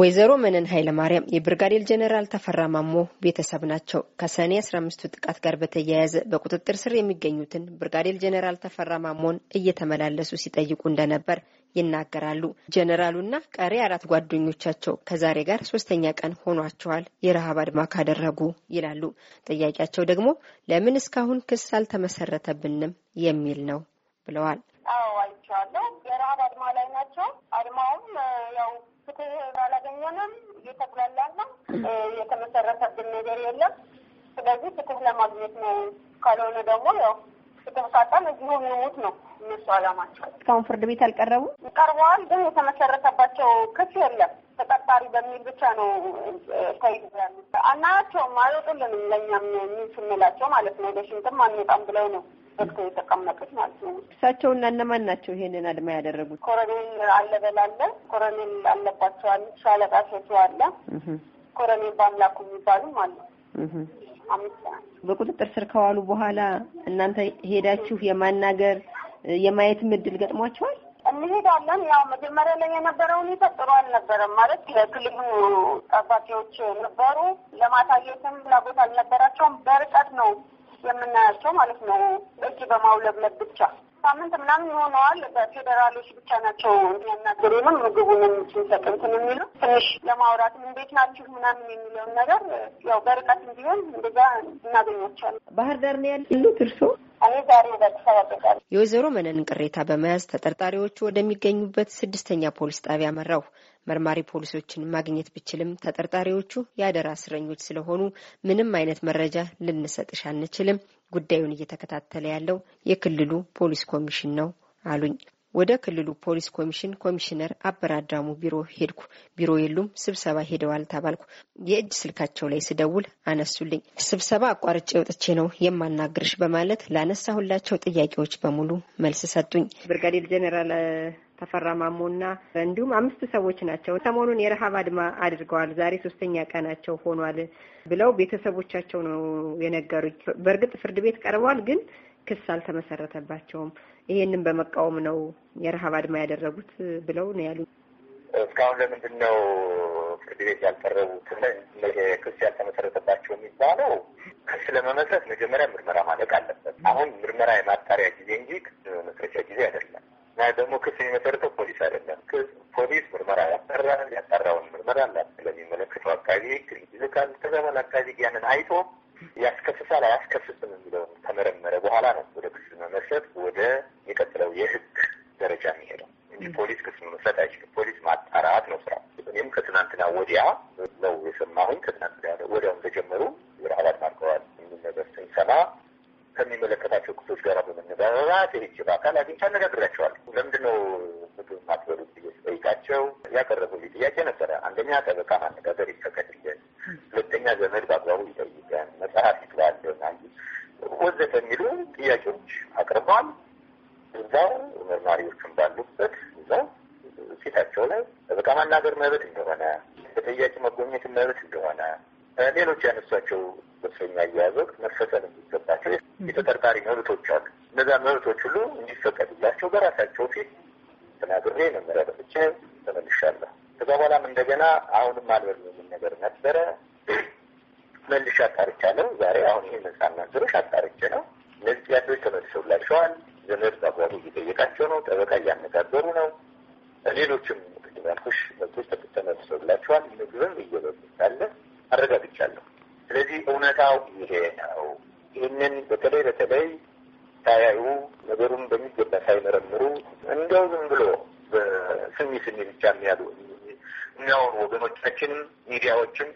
ወይዘሮ መነን ኃይለማርያም የብርጋዴር ጀኔራል ተፈራ ማሞ ቤተሰብ ናቸው። ከሰኔ አስራ አምስቱ ጥቃት ጋር በተያያዘ በቁጥጥር ስር የሚገኙትን ብርጋዴር ጀኔራል ተፈራ ማሞን እየተመላለሱ ሲጠይቁ እንደነበር ይናገራሉ። ጀኔራሉና ቀሪ አራት ጓደኞቻቸው ከዛሬ ጋር ሶስተኛ ቀን ሆኗቸዋል የረሃብ አድማ ካደረጉ ይላሉ። ጥያቄያቸው ደግሞ ለምን እስካሁን ክስ አልተመሰረተብንም የሚል ነው ብለዋል። አዎ አይቻለሁ። የረሃብ አድማ ላይ ናቸው። አድማውም ያው ፍትህ ሁሉንም እየተጉላላን የተመሰረተብን ነገር የለም። ስለዚህ ፍትህ ለማግኘት ነው። ካልሆነ ደግሞ ያው ፍትህ ሳጣን እዚሁ እንሙት ነው እነሱ አላማቸው። እስካሁን ፍርድ ቤት አልቀረቡም። ቀርበዋል፣ ግን የተመሰረተባቸው ክስ የለም። ተጠርጣሪ በሚል ብቻ ነው ተይዙ ያሉ አናያቸውም፣ አይወጡልንም። ለእኛም የሚል ስንላቸው ማለት ነው ለሽንትም አንወጣም ብለው ነው ዘግተው የተቀመጡት ማለት ነው። እሳቸውና እነማን ናቸው ይሄንን አድማ ያደረጉት? ኮረኔል አለበል አለ፣ ኮሎኔል ሻለቃ ሴቱ አለ፣ ኮረኔል በአምላኩ የሚባሉ አሉ። በቁጥጥር ስር ከዋሉ በኋላ እናንተ ሄዳችሁ የማናገር የማየት እድል ገጥሟቸዋል? እንሄዳለን ያው መጀመሪያ ላይ የነበረ ሁኔታ ጥሩ አልነበረም። ማለት የክልሉ ጠባቂዎች ነበሩ። ለማሳየትም ፍላጎት አልነበራቸውም። በርቀት ነው የምናያቸው ማለት ነው እጅ በማውለብለብ ብቻ ሳምንት ምናምን ይሆነዋል። በፌዴራሎች ብቻ ናቸው የሚያናገሩንም ምግቡንም ስንሰጥ እንትን የሚለው ትንሽ ለማውራትም እንዴት ናችሁ ምናምን የሚለውን ነገር ያው በርቀት እንዲሆን እንደዛ እናገኛቸዋለን። ባህር ዳር ነው ያሉት እርሶ? እኔ ዛሬ የወይዘሮ መነን ቅሬታ በመያዝ ተጠርጣሪዎቹ ወደሚገኙበት ስድስተኛ ፖሊስ ጣቢያ መራው። መርማሪ ፖሊሶችን ማግኘት ብችልም ተጠርጣሪዎቹ የአደራ እስረኞች ስለሆኑ ምንም አይነት መረጃ ልንሰጥሽ አንችልም ጉዳዩን እየተከታተለ ያለው የክልሉ ፖሊስ ኮሚሽን ነው አሉኝ። ወደ ክልሉ ፖሊስ ኮሚሽን ኮሚሽነር አበራዳሙ አዳሙ ቢሮ ሄድኩ። ቢሮ የሉም፣ ስብሰባ ሄደዋል ተባልኩ። የእጅ ስልካቸው ላይ ስደውል አነሱልኝ። ስብሰባ አቋርጬ ወጥቼ ነው የማናግርሽ በማለት ላነሳሁላቸው ጥያቄዎች በሙሉ መልስ ሰጡኝ። ብርጋዴር ጀኔራል ተፈራ ማሞና እንዲሁም አምስት ሰዎች ናቸው። ሰሞኑን የረሀብ አድማ አድርገዋል። ዛሬ ሶስተኛ ቀናቸው ሆኗል ብለው ቤተሰቦቻቸው ነው የነገሩኝ። በእርግጥ ፍርድ ቤት ቀርበዋል፣ ግን ክስ አልተመሰረተባቸውም። ይሄንን በመቃወም ነው የረሀብ አድማ ያደረጉት ብለው ነው ያሉ። እስካሁን ለምንድን ነው ፍርድ ቤት ያልቀረቡት ክስ ያልተመሰረተባቸው የሚባለው? ክስ ለመመስረት መጀመሪያ ምርመራ ማለቅ አለበት። አሁን ምርመራ የማጣሪያ ጊዜ እንጂ ክስ መስረቻ ጊዜ አይደለም። እና ደግሞ ክስ የሚመሰረተው ፖሊስ አይደለም። ክስ ፖሊስ ምርመራ ያጠራል። ያጠራውን ምርመራ ለሚመለከተው አካባቢ ይልካል። ከዛ በኋላ አካባቢ ያንን አይቶ ያስከስሳል አያስከስስም የሚለውን ከመረመረ በኋላ ነው ወደ ክስ መመስረት ወደ የቀጥለው የህግ ደረጃ የሚሄደው እንጂ ፖሊስ ክስ መመስረት አይችልም። ፖሊስ ማጣራት ነው ስራ። እኔም ከትናንትና ወዲያ ነው የሰማሁኝ። ከትናንትና ወዲያው እንደጀመሩ ረሃብ ማርቀዋል የሚል ነገር ስንሰማ ከሚመለከታቸው ክሶች ጋር በመነጋገራት ይህች በአካል አግኝቻ አነጋግሬያቸዋለሁ። ለምንድን ነው ምግብ ማትበሉ ብዬ ስጠይቃቸው ያቀረቡልኝ ጥያቄ ነበረ። አንደኛ ጠበቃ ማነጋገር ይፈቀድልን፣ ሁለተኛ ዘመድ በአግባቡ ይጠ መጽሐፍ ይግባልና ወዘተ የሚሉ ጥያቄዎች አቅርበዋል። እዛው መርማሪዎቹን ባሉበት እዛው ሴታቸው ላይ በቃ ማናገር መብት እንደሆነ በጠያቂ መጎብኘት መብት እንደሆነ ሌሎች ያነሷቸው በእስረኛ አያያዝ ወቅት መፈጸም እንዲገባቸው የተጠርጣሪ መብቶች አሉ። እነዛ መብቶች ሁሉ እንዲፈቀድላቸው በራሳቸው ፊት ተናግሬ መመሪያ በፍቼ ተመልሻለሁ። ከዛ በኋላም እንደገና አሁንም አልበር የሚል ነገር ነበረ። መልሼ ነው ዛሬ አሁን ይህን ነጻና ስሮች አጣርቼ ነው። እነዚህ ጥያቄዎች ተመልሰውላቸዋል። ዘመድ በአግባቡ እየጠየቃቸው ነው። ጠበቃ እያነጋገሩ ነው። ሌሎችም ቅድም ያልኩሽ መብቶች ተመልሰውላቸዋል። ምግብም እየበሉ ሳለ አረጋግጫለሁ። ስለዚህ እውነታው ይሄ ነው። ይህንን በተለይ በተለይ ሳያዩ ነገሩን በሚገባ ሳይመረምሩ እንደው ዝም ብሎ በስሚ ስሚ ብቻ የሚያሉ የሚያወሩ ወገኖቻችንም ሚዲያዎችም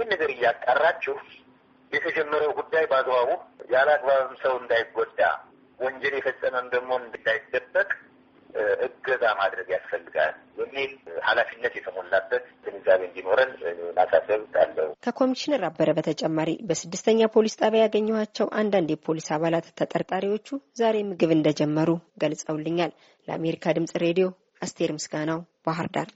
ይህን ነገር እያጣራችሁ የተጀመረው ጉዳይ በአግባቡ ያለ አግባብም ሰው እንዳይጎዳ ወንጀል የፈጸመም ደግሞ እንዳይደበቅ እገዛ ማድረግ ያስፈልጋል የሚል ኃላፊነት የተሞላበት ግንዛቤ እንዲኖረን ማሳሰብ አለው። ከኮሚሽነር አበረ በተጨማሪ በስድስተኛ ፖሊስ ጣቢያ ያገኘኋቸው አንዳንድ የፖሊስ አባላት ተጠርጣሪዎቹ ዛሬ ምግብ እንደጀመሩ ገልጸውልኛል። ለአሜሪካ ድምጽ ሬዲዮ አስቴር ምስጋናው ባህር ዳር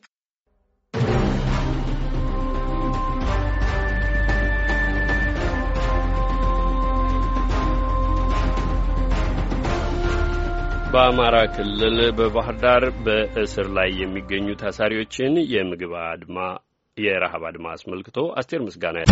በአማራ ክልል በባህር ዳር በእስር ላይ የሚገኙ ታሳሪዎችን የምግብ አድማ የረሃብ አድማ አስመልክቶ አስቴር ምስጋና